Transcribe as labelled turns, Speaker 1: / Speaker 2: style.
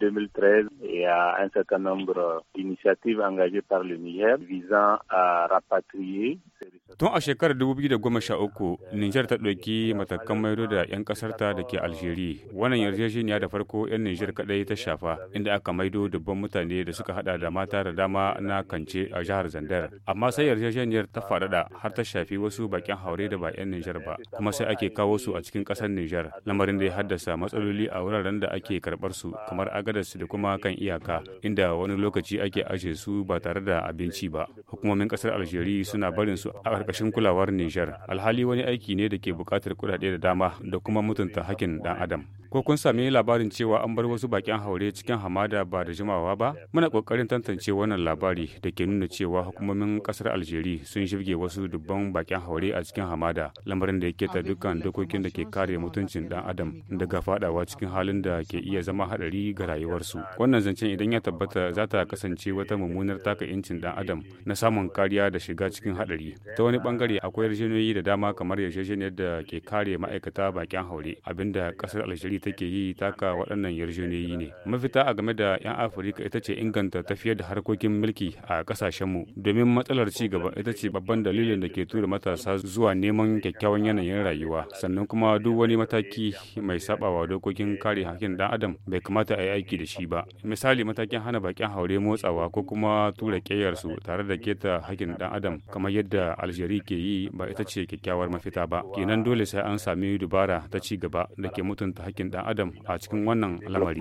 Speaker 1: 2013, et à un certain nombre d'initiatives engagées par le Niger visant à rapatrier Tun a shekarar 2013, Nijar ta ɗauki matakan maido da 'yan ƙasarta da ke Algeria. Wannan yarjejeniya da farko 'yan Nijar kaɗai ta shafa, inda aka maido dubban mutane da suka haɗa da mata da dama na kance a jihar Zandar. Amma sai yarjejeniyar ta faɗaɗa har ta shafi wasu bakin haure da ba 'yan Nijar ba, kuma sai ake kawo su a cikin ƙasar Nijar, lamarin da ya haddasa matsaloli a wuraren da ake karɓar su kamar agadas da kuma kan iyaka, inda wani lokaci ake ajiye su ba tare da abinci ba. Hukumomin ƙasar Algeria suna barin su a ƙarƙashin kulawar Nijar, alhali wani aiki ne da ke buƙatar kuɗaɗe da dama da kuma mutunta hakkin ɗan Adam. ko kun sami labarin cewa an bar wasu bakin haure cikin hamada ba da jimawa ba muna kokarin tantance wannan labari da ke nuna cewa hukumomin kasar aljeri sun shirge wasu dubban bakin haure a cikin hamada lamarin da ya ta dukkan dokokin da ke kare mutuncin dan adam daga fadawa cikin halin da ke iya zama hadari ga rayuwarsu wannan zancen idan ya tabbata za ta kasance wata mummunar taka incin dan adam na samun kariya da shiga cikin hadari ta wani bangare akwai yarjejeniyoyi da dama kamar yarjejeniyar da ke kare ma'aikata bakin haure abinda kasar aljeri take yi taka waɗannan yarjejeniyoyi ne mafita a game da 'yan afirka ita ce inganta tafiyar da harkokin mulki a kasashenmu domin matsalar ci gaba ita ce babban dalilin da ke tura matasa zuwa neman kyakkyawan yanayin rayuwa sannan kuma duk wani mataki mai sabawa dokokin kare hakkin dan adam bai kamata a yi aiki da shi ba misali matakin hana bakin haure motsawa ko kuma tura su tare da keta hakkin dan adam kamar yadda aljeri ke yi ba ita ce kyakkyawar mafita ba kenan dole sai an sami dubara ta ci gaba da ke mutunta hakkin dan adam a cikin wannan lamari